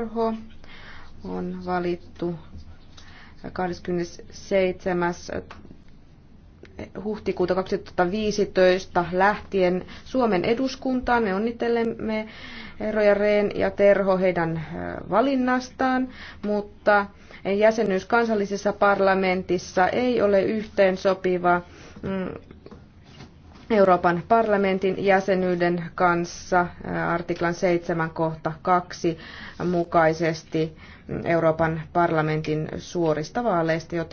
Karho on valittu 27. huhtikuuta 2015 lähtien Suomen eduskuntaan. Me onnittelemme Roja Reen ja Terho heidän valinnastaan, mutta jäsenyys kansallisessa parlamentissa ei ole yhteensopiva Euroopan parlamentin jäsenyyden kanssa artiklan 7 kohta 2 mukaisesti Euroopan parlamentin suorista vaaleista, joten